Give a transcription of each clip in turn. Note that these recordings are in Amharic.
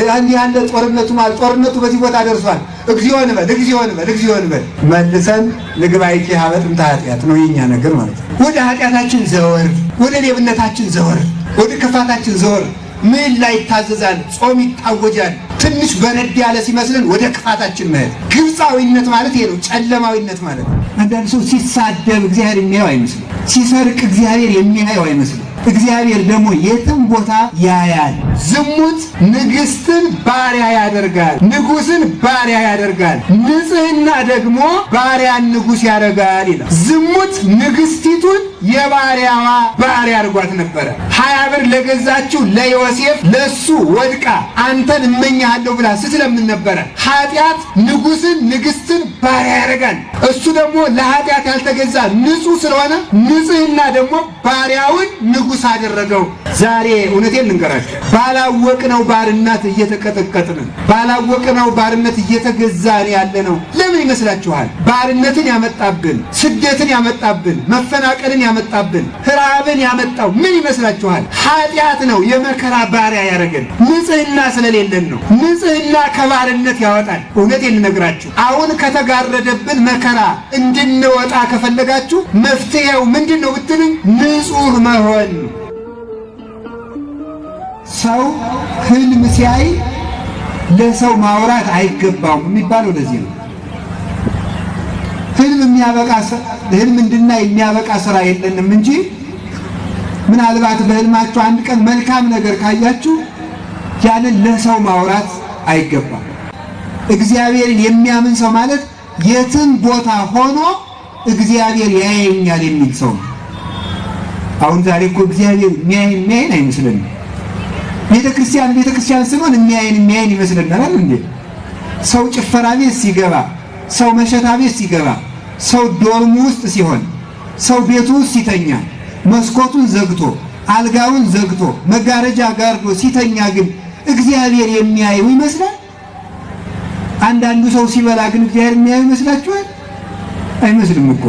እንዲህ ያለ ጦርነቱ ማለት ጦርነቱ በዚህ ቦታ ደርሷል። እግዚኦ እንበል፣ እግዚኦ እንበል፣ እግዚኦ እንበል። መልሰን ንግባይኪ ሀበ ጥንተ ኃጢአት ነው የኛ ነገር ማለት ነው። ወደ ኃጢአታችን ዘወር፣ ወደ ሌብነታችን ዘወር፣ ወደ ክፋታችን ዘወር። ምን ላይ ይታዘዛል? ጾም ይታወጃል። ትንሽ በነድ ያለ ሲመስልን ወደ ክፋታችን መሄድ ግብፃዊነት ማለት ይሄ ነው። ጨለማዊነት ማለት ነው። አንዳንድ ሰው ሲሳደብ እግዚአብሔር የሚያየው አይመስልም። ሲሰርቅ እግዚአብሔር የሚያየው አይመስልም። እግዚአብሔር ደግሞ የትም ቦታ ያያል። ዝሙት ንግስትን ባሪያ ያደርጋል፣ ንጉስን ባሪያ ያደርጋል። ንጽህና ደግሞ ባሪያን ንጉስ ያደርጋል ይላል። ዝሙት ንግስቲቱን የባሪያዋ ባሪያ አድርጓት ነበረ። ሀያ ብር ለገዛችው ለዮሴፍ ለሱ ወድቃ አንተን ያለው ብላ ስትለምን ነበረ። ኃጢአት ንጉስን ንግስትን ባሪያ ያደርጋል። እሱ ደግሞ ለኃጢአት ያልተገዛ ንጹህ ስለሆነ ንጽህና ደግሞ ባሪያውን ንጉስ አደረገው። ዛሬ እውነቴን ልንገራችሁ፣ ባላወቅነው ባርነት እየተቀጠቀጥን፣ ባላወቅነው ባርነት እየተገዛን ያለ ነው። ለምን ይመስላችኋል? ባርነትን ያመጣብን፣ ስደትን ያመጣብን፣ መፈናቀልን ያመጣብን? ራብን ያመጣው ምን ይመስላችኋል? ኃጢአት ነው። የመከራ ባሪያ ያደረገን ንጽህና ስለሌለን ነው። ንጽህና ከባርነት ያወጣል። እውነት ልነግራችሁ፣ አሁን ከተጋረደብን መከራ እንድንወጣ ከፈለጋችሁ መፍትሄው ምንድን ነው ብትልኝ፣ ንጹህ መሆን። ሰው ህልም ሲያይ ለሰው ማውራት አይገባውም የሚባለው ለዚህ ነው። ህልም እንድናይ የሚያበቃ ስራ የለንም እንጂ ምናልባት በህልማችሁ አንድ ቀን መልካም ነገር ካያችሁ ያንን ለሰው ማውራት አይገባም። እግዚአብሔርን የሚያምን ሰው ማለት የትም ቦታ ሆኖ እግዚአብሔር ያየኛል የሚል ሰው ነው። አሁን ዛሬ እኮ እግዚአብሔር የሚያይን የሚያይን አይመስለንም። ቤተክርስቲያን ቤተክርስቲያን ስንሆን የሚያይን የሚያይን ይመስለናል። እንዴ ሰው ጭፈራ ቤት ሲገባ፣ ሰው መሸታ ቤት ሲገባ ሰው ዶርሙ ውስጥ ሲሆን፣ ሰው ቤቱ ውስጥ ሲተኛ መስኮቱን ዘግቶ አልጋውን ዘግቶ መጋረጃ ጋርዶ ሲተኛ ግን እግዚአብሔር የሚያየው ይመስላል። አንዳንዱ ሰው ሲበላ ግን እግዚአብሔር የሚያየው ይመስላችኋል? አይመስልም እኮ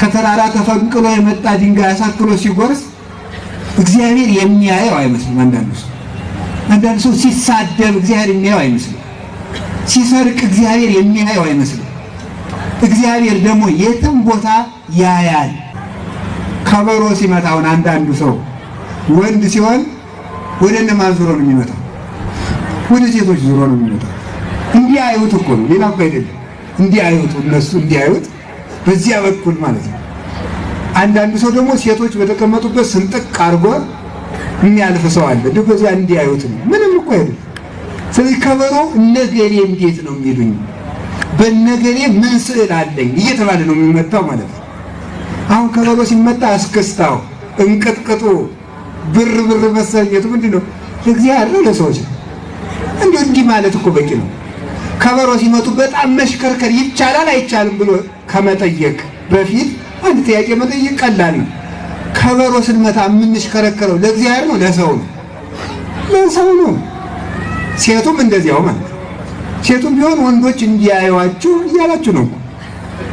ከተራራ ተፈንቅሎ የመጣ ድንጋይ አሳክሎ ሲጎርስ እግዚአብሔር የሚያየው አይመስልም። አንዳንዱ ሰው አንዳንዱ ሰው ሲሳደብ እግዚአብሔር የሚያየው አይመስልም። ሲሰርቅ እግዚአብሔር የሚያየው አይመስልም። እግዚአብሔር ደግሞ የትም ቦታ ያያል። ከበሮ ሲመታውን አንዳንዱ ሰው ወንድ ሲሆን ወደ እነማን ዙሮ ነው የሚመጣው? ወደ ሴቶች ዙሮ ነው የሚመጣው። እንዲህ አዩት እኮ ነው፣ ሌላ እኮ አይደለም። እንዲህ እነሱ እንዲህ በዚያ በኩል ማለት ነው። አንዳንዱ ሰው ደግሞ ሴቶች በተቀመጡበት ስንጥቅ አድርጎ የሚያልፍ ሰው አለ። እንዲሁ በዚያ እንዲህ ነው፣ ምንም እኮ አይደለም። ስለዚህ ከበሮ እነገሌ እንዴት ነው የሚሉኝ በነገሬ ምን ስዕል አለኝ እየተባለ ነው የሚመጣው ማለት ነው። አሁን ከበሮ ሲመጣ አስከስታው እንቅጥቅጡ፣ ብር ብር መሰኘቱ ምንድን ነው? ለእግዚአብሔር ነው ለሰዎች ነው። እንዲሁ እንዲህ ማለት እኮ በቂ ነው። ከበሮ ሲመጡ በጣም መሽከርከር ይቻላል አይቻልም ብሎ ከመጠየቅ በፊት አንድ ጥያቄ መጠየቅ ቀላል ነው። ከበሮ ስንመታ የምንሽከረከረው ለእግዚአብሔር ነው ለሰው ነው? ለሰው ነው። ሴቱም እንደዚያው ማለት ነው። ሴቱም ቢሆን ወንዶች እንዲያዩዋችሁ እያላችሁ ነው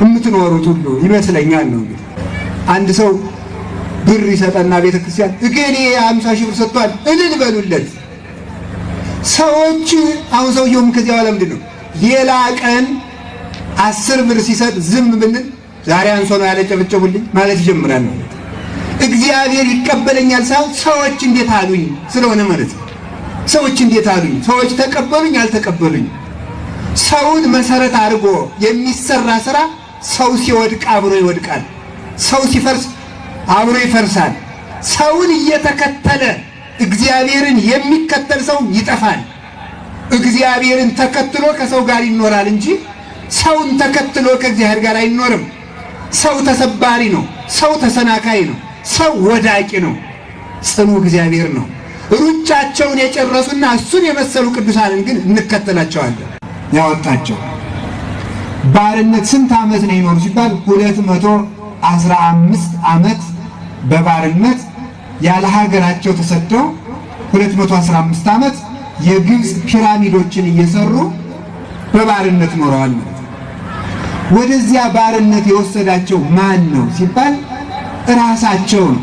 የምትኖሩት ሁሉ ይመስለኛል። ነው እንግዲህ አንድ ሰው ብር ይሰጠና ቤተክርስቲያን እገሌ የሀምሳ ሺህ ብር ሰጥቷል እልል በሉለት። ሰዎች አሁን ሰውየውም ከዚያ በኋላ ምንድን ነው ሌላ ቀን አስር ብር ሲሰጥ ዝም ብንል ዛሬ አንሶ ነው ያለጨበጨቡልኝ ማለት ይጀምራል። ነው እግዚአብሔር ይቀበለኛል ሳይሆን ሰዎች እንዴት አሉኝ ስለሆነ ማለት ነው። ሰዎች እንዴት አሉኝ፣ ሰዎች ተቀበሉኝ አልተቀበሉኝ ሰውን መሰረት አድርጎ የሚሰራ ስራ ሰው ሲወድቅ አብሮ ይወድቃል። ሰው ሲፈርስ አብሮ ይፈርሳል። ሰውን እየተከተለ እግዚአብሔርን የሚከተል ሰው ይጠፋል። እግዚአብሔርን ተከትሎ ከሰው ጋር ይኖራል እንጂ ሰውን ተከትሎ ከእግዚአብሔር ጋር አይኖርም። ሰው ተሰባሪ ነው። ሰው ተሰናካይ ነው። ሰው ወዳቂ ነው። ጽኑ እግዚአብሔር ነው። ሩጫቸውን የጨረሱና እሱን የመሰሉ ቅዱሳንን ግን እንከተላቸዋለን። ያወጣቸው። ባርነት ስንት ዓመት ነው የኖሩ ሲባል 215 መቶ ዓመት በባርነት ያለ ሀገራቸው ተሰደው 215 መቶ አስራ ዓመት የግብፅ ፒራሚዶችን እየሰሩ በባርነት ኖረዋል ማለት ነው። ወደዚያ ባርነት የወሰዳቸው ማን ነው ሲባል እራሳቸው ነው።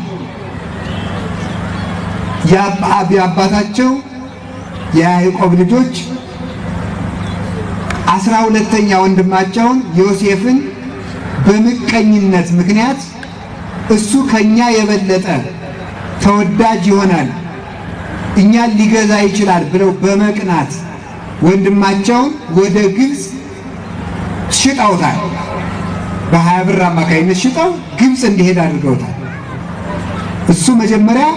የአባታቸው የያዕቆብ ልጆች አስራ ሁለተኛ ወንድማቸውን ዮሴፍን በምቀኝነት ምክንያት እሱ ከኛ የበለጠ ተወዳጅ ይሆናል፣ እኛን ሊገዛ ይችላል ብለው በመቅናት ወንድማቸውን ወደ ግብፅ ሽጠውታል። በሀያ ብር አማካኝነት ሽጠው ግብፅ እንዲሄድ አድርገውታል። እሱ መጀመሪያ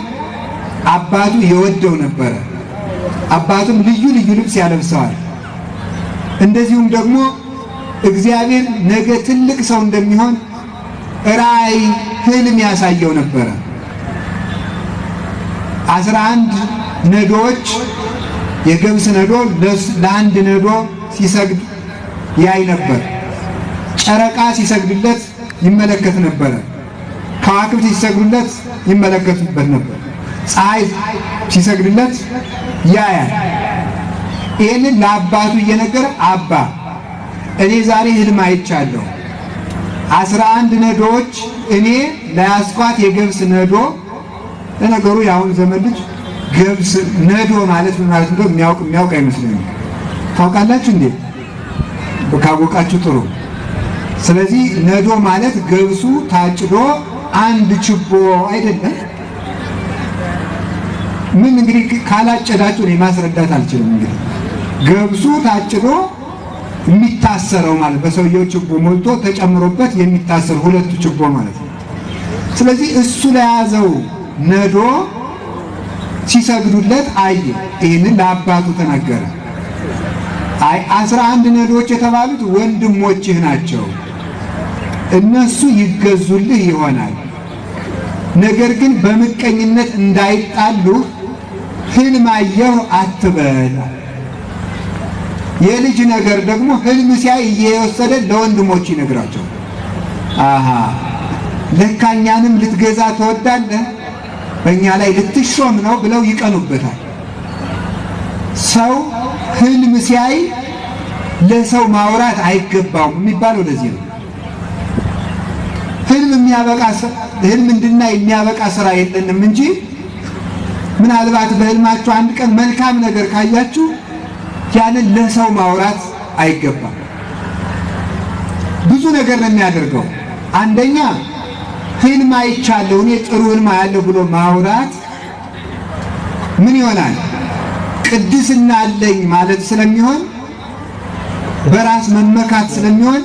አባቱ የወደው ነበረ። አባቱም ልዩ ልዩ ልብስ ያለብሰዋል። እንደዚሁም ደግሞ እግዚአብሔር ነገ ትልቅ ሰው እንደሚሆን ራእይ ህልም ያሳየው ነበረ። አስራ አንድ ነዶዎች የገብስ ነዶ ለአንድ ነዶ ሲሰግድ ያይ ነበር። ጨረቃ ሲሰግድለት ይመለከት ነበረ። ከዋክብት ሲሰግዱለት ይመለከቱበት ነበር። ፀሐይ ሲሰግድለት ያያል። ይህንን ለአባቱ እየነገረ አባ እኔ ዛሬ ህልም አይቻለሁ። አስራ አንድ ነዶዎች እኔ ለያስኳት የገብስ ነዶ ለነገሩ የአሁን ዘመን ልጅ ገብስ ነዶ ማለት ምን ማለት እንደሆነ የሚያውቅ የሚያውቅ አይመስለኝም። ታውቃላችሁ እንዴ? ካወቃችሁ ጥሩ። ስለዚህ ነዶ ማለት ገብሱ ታጭዶ አንድ ችቦ አይደለም። ምን እንግዲህ ካላጨዳችሁ እኔ ማስረዳት አልችልም እንግዲህ ገብሱ ታጭዶ የሚታሰረው ማለት በሰውየው ችቦ ሞልቶ ተጨምሮበት የሚታሰር ሁለቱ ችቦ ማለት ነው። ስለዚህ እሱ ለያዘው ነዶ ሲሰግዱለት አየ። ይህንን ለአባቱ ተነገረ። አይ አስራ አንድ ነዶዎች የተባሉት ወንድሞችህ ናቸው፣ እነሱ ይገዙልህ ይሆናል። ነገር ግን በምቀኝነት እንዳይጣሉህ ህልም አየሁ አትበል። የልጅ ነገር ደግሞ ህልም ሲያይ እየወሰደ ለወንድሞች ይነግራቸው። አሃ ለካኛንም ልትገዛ ትወዳለህ፣ በእኛ ላይ ልትሾም ነው ብለው ይቀኑበታል። ሰው ህልም ሲያይ ለሰው ማውራት አይገባውም የሚባለው ለዚህ ነው። ህልም እንድናይ የሚያበቃ ስራ የለንም እንጂ ምናልባት በህልማችሁ አንድ ቀን መልካም ነገር ካያችሁ ያንን ለሰው ማውራት አይገባም። ብዙ ነገር ነው የሚያደርገው። አንደኛ ህልም አይቻለሁ እኔ ጥሩ ህልም አያለሁ ብሎ ማውራት ምን ይሆናል? ቅድስና አለኝ ማለት ስለሚሆን በራስ መመካት ስለሚሆን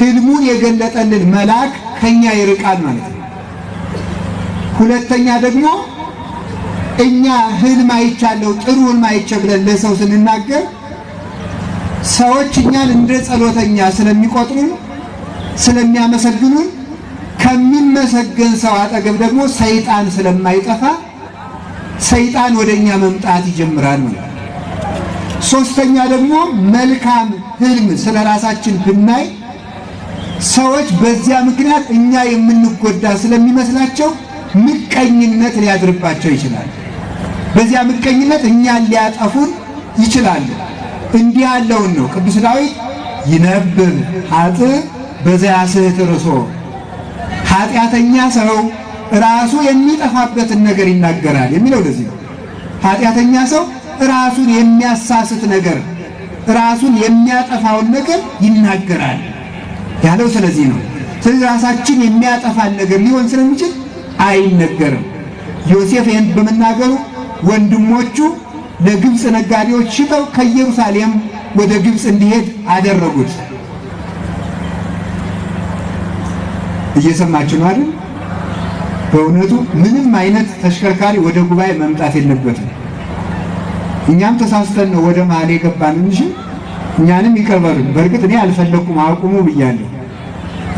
ህልሙን የገለጠልን መልአክ ከኛ ይርቃል ማለት ነው። ሁለተኛ ደግሞ እኛ ህልም አይቻለሁ ጥሩ ህልም አይቼ ብለን ለሰው ስንናገር ሰዎች እኛን እንደ ጸሎተኛ ስለሚቆጥሩን ስለሚያመሰግኑን ከሚመሰገን ሰው አጠገብ ደግሞ ሰይጣን ስለማይጠፋ ሰይጣን ወደ እኛ መምጣት ይጀምራል ሶስተኛ ደግሞ መልካም ህልም ስለ ራሳችን ብናይ ሰዎች በዚያ ምክንያት እኛ የምንጎዳ ስለሚመስላቸው ምቀኝነት ሊያድርባቸው ይችላል። በዚያ ምቀኝነት እኛን ሊያጠፉን ይችላሉ። እንዲህ ያለውን ነው ቅዱስ ዳዊት ይነብብ ሀጥ በዚያ ስህት ርሶ ኃጢአተኛ ሰው ራሱ የሚጠፋበትን ነገር ይናገራል የሚለው ለዚህ ነው። ኃጢአተኛ ሰው ራሱን የሚያሳስት ነገር ራሱን የሚያጠፋውን ነገር ይናገራል ያለው ስለዚህ ነው። ስለዚህ ራሳችን የሚያጠፋን ነገር ሊሆን ስለሚችል አይነገርም። ዮሴፍ ይህን በመናገሩ ወንድሞቹ ለግብፅ ነጋዴዎች ሽጠው ከኢየሩሳሌም ወደ ግብፅ እንዲሄድ አደረጉት። እየሰማችሁ ነው አይደል? በእውነቱ ምንም አይነት ተሽከርካሪ ወደ ጉባኤ መምጣት የለበትም። እኛም ተሳስተን ነው ወደ መሀል የገባን እንጂ እኛንም ይቀበሉ። በእርግጥ እኔ አልፈለግኩም፣ አቁሙ ብያለሁ፣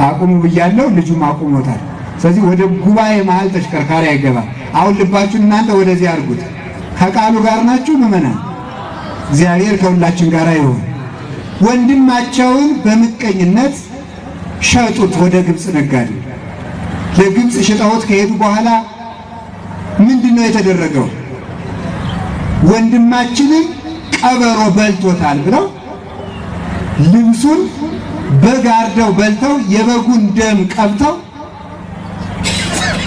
አቁሙ ብያለሁ። ልጁም አቁሞታል። ስለዚህ ወደ ጉባኤ መሀል ተሽከርካሪ አይገባም። አሁን ልባችሁን እናንተ ወደዚህ አድርጉት። ከቃሉ ጋር ናችሁ ምዕመናን። እግዚአብሔር ከሁላችን ጋር ይሁን። ወንድማቸውን በምቀኝነት ሸጡት ወደ ግብፅ ነጋዴ። ለግብፅ ሽጠውት ከሄዱ በኋላ ምንድን ነው የተደረገው? ወንድማችንን ቀበሮ በልቶታል ብለው ልብሱን በግ አርደው በልተው የበጉን ደም ቀብተው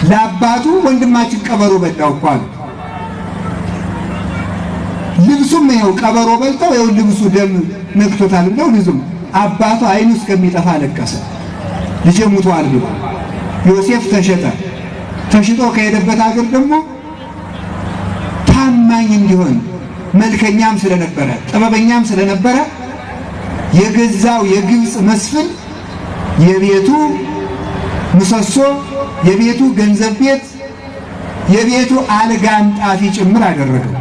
ለአባቱ ወንድማችን ቀበሮ በላው እኮ አለ። ልብሱም ይኸው ቀበሮ በልተው ይኸው ልብሱ ደም ነክቶታል ብለው ልጁም አባቱ አይኑ እስከሚጠፋ ለቀሰ ልጄ ሙቷል ብሎ ዮሴፍ ተሸጠ። ተሽጦ ከሄደበት ሀገር ደግሞ ታማኝ እንዲሆን መልከኛም ስለነበረ ጥበበኛም ስለነበረ የገዛው የግብፅ መስፍን የቤቱ ምሰሶ የቤቱ ገንዘብ ቤት፣ የቤቱ አልጋ አንጣፊ ጭምር አደረገው።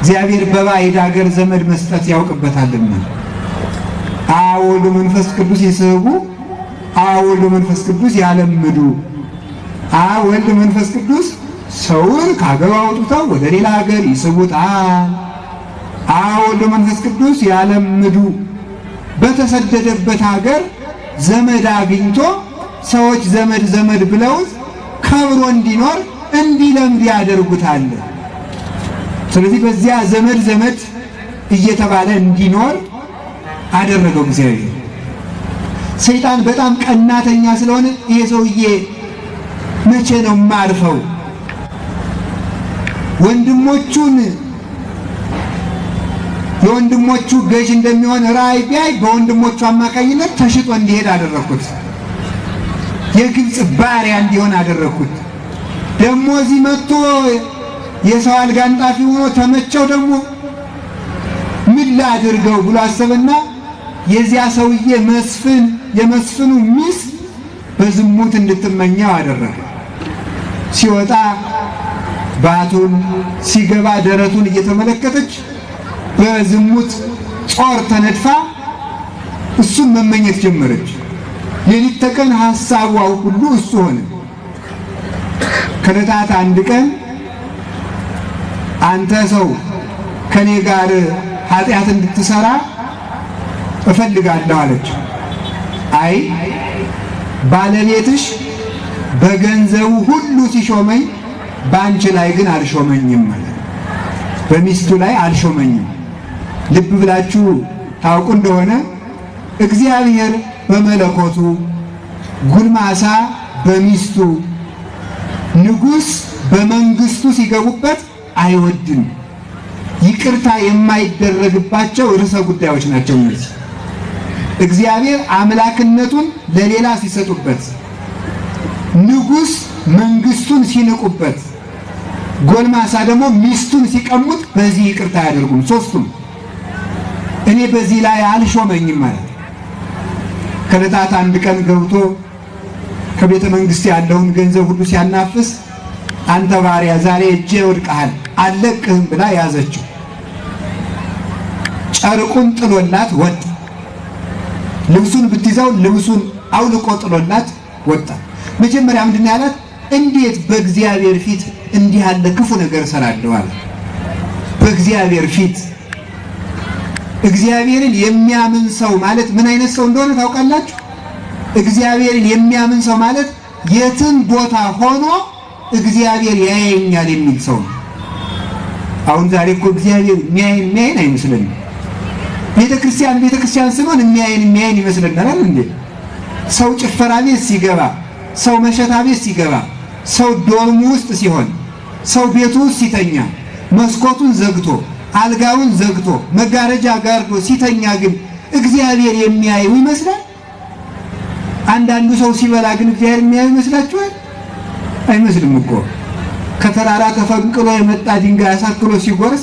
እግዚአብሔር በባዕድ አገር ዘመድ መስጠት ያውቅበታልና። አብ ወልድ መንፈስ ቅዱስ ይስሕቡ፣ አብ ወልድ መንፈስ ቅዱስ ያለምዱ፣ አብ ወልድ መንፈስ ቅዱስ ሰውን ከሀገሩ አውጥተው ወደ ሌላ ሀገር ይስቡታል። አብ ወልድ መንፈስ ቅዱስ ያለምዱ። በተሰደደበት ሀገር ዘመድ አግኝቶ ሰዎች ዘመድ ዘመድ ብለው ከብሮ እንዲኖር እንዲለምድ ያደርጉታል። ስለዚህ በዚያ ዘመድ ዘመድ እየተባለ እንዲኖር አደረገው እግዚአብሔር። ሰይጣን በጣም ቀናተኛ ስለሆነ ይሄ ሰውዬ መቼ ነው የማርፈው? ወንድሞቹን የወንድሞቹ ገዥ እንደሚሆን ራእይ ቢያይ በወንድሞቹ አማካኝነት ተሽጦ እንዲሄድ አደረግኩት። የግብፅ ባሪያ እንዲሆን አደረግኩት። ደግሞ እዚህ መጥቶ የሰው አልጋ አንጣፊ ሆኖ ተመቸው። ደግሞ ምን ላድርገው ብሎ አሰበና የዚያ ሰውዬ መስፍን የመስፍኑ ሚስት በዝሙት እንድትመኘው አደረገ። ሲወጣ ባቱን ሲገባ ደረቱን እየተመለከተች በዝሙት ጦር ተነድፋ እሱን መመኘት ጀመረች። ሌሊት ተቀን ሀሳቧ ሁሉ እሱ ሆነ። ከዕለታት አንድ ቀን አንተ ሰው ከኔ ጋር ኃጢአት እንድትሰራ እፈልጋለሁ አለችው። አይ ባለቤትሽ በገንዘቡ ሁሉ ሲሾመኝ በአንቺ ላይ ግን አልሾመኝም ማለት በሚስቱ ላይ አልሾመኝም። ልብ ብላችሁ ታውቁ እንደሆነ እግዚአብሔር በመለኮቱ፣ ጉልማሳ በሚስቱ፣ ንጉሥ በመንግስቱ ሲገቡበት አይወድም። ይቅርታ የማይደረግባቸው ርዕሰ ጉዳዮች ናቸው እነዚህ። እግዚአብሔር አምላክነቱን ለሌላ ሲሰጡበት፣ ንጉሥ መንግስቱን ሲንቁበት፣ ጎልማሳ ደግሞ ሚስቱን ሲቀሙት፣ በዚህ ይቅርታ አያደርጉም። ሶስቱም እኔ በዚህ ላይ አልሾመኝም ማለት ከዕለታት አንድ ቀን ገብቶ ከቤተ መንግስት ያለውን ገንዘብ ሁሉ ሲያናፍስ አንተ ባሪያ ዛሬ እጄ ወድቀሃል አለቅህም ብላ ያዘችው። ጨርቁን ጥሎላት ወጣ። ልብሱን ብትይዛው ልብሱን አውልቆ ጥሎላት ወጣ። መጀመሪያ ምንድን ያላት እንዴት በእግዚአብሔር ፊት እንዲህ ያለ ክፉ ነገር እሰራለሁ አለ። በእግዚአብሔር ፊት እግዚአብሔርን የሚያምን ሰው ማለት ምን አይነት ሰው እንደሆነ ታውቃላችሁ? እግዚአብሔርን የሚያምን ሰው ማለት የትም ቦታ ሆኖ እግዚአብሔር ያየኛል የሚል ሰው ነው። አሁን ዛሬ እኮ እግዚአብሔር የሚያየን የሚያየን አይመስለንም። ቤተክርስቲያን ቤተክርስቲያን ስንሆን የሚያየን የሚያየን ይመስለናል እንዴ? ሰው ጭፈራ ቤት ሲገባ፣ ሰው መሸታ ቤት ሲገባ፣ ሰው ዶርሙ ውስጥ ሲሆን፣ ሰው ቤቱ ውስጥ ሲተኛ መስኮቱን ዘግቶ አልጋውን ዘግቶ መጋረጃ ጋርዶ ሲተኛ ግን እግዚአብሔር የሚያየው ይመስላል። አንዳንዱ ሰው ሲበላ ግን እግዚአብሔር የሚያየው ይመስላችኋል? አይመስልም እኮ ከተራራ ተፈንቅሎ የመጣ ድንጋይ አሳክሎ ሲጎርስ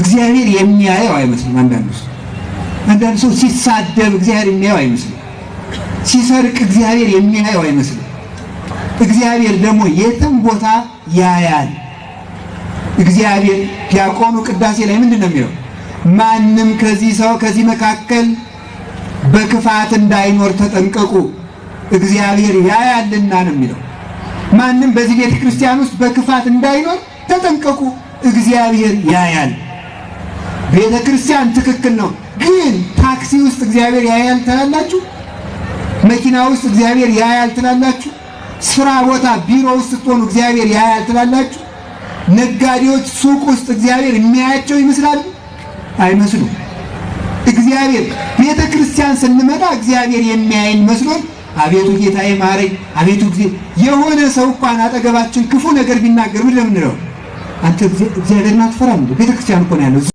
እግዚአብሔር የሚያየው አይመስልም። አንዳንዱ ሰው አንዳንዱ ሰው ሲሳደብ እግዚአብሔር የሚያየው አይመስልም። ሲሰርቅ እግዚአብሔር የሚያየው አይመስልም። እግዚአብሔር ደግሞ የትም ቦታ ያያል። እግዚአብሔር ዲያቆኑ ቅዳሴ ላይ ምንድን ነው የሚለው? ማንም ከዚህ ሰው ከዚህ መካከል በክፋት እንዳይኖር ተጠንቀቁ፣ እግዚአብሔር ያያልና ነው የሚለው። ማንም በዚህ ቤተ ክርስቲያን ውስጥ በክፋት እንዳይኖር ተጠንቀቁ፣ እግዚአብሔር ያያል። ቤተ ክርስቲያን ትክክል ነው፣ ግን ታክሲ ውስጥ እግዚአብሔር ያያል ትላላችሁ? መኪና ውስጥ እግዚአብሔር ያያል ትላላችሁ? ስራ ቦታ ቢሮ ውስጥ ስትሆኑ እግዚአብሔር ያያል ትላላችሁ? ነጋዴዎች ሱቅ ውስጥ እግዚአብሔር የሚያያቸው ይመስላሉ? አይመስሉ። እግዚአብሔር ቤተ ክርስቲያን ስንመጣ እግዚአብሔር የሚያይን መስሎን አቤቱ ጌታዬ ማረኝ፣ አቤቱ ጊዜ የሆነ ሰው እንኳን አጠገባችን ክፉ ነገር ቢናገር ምን ለምንለው አንተ እግዚአብሔርን አትፈራም? ቤተክርስቲያን እኮ ነው ያለው።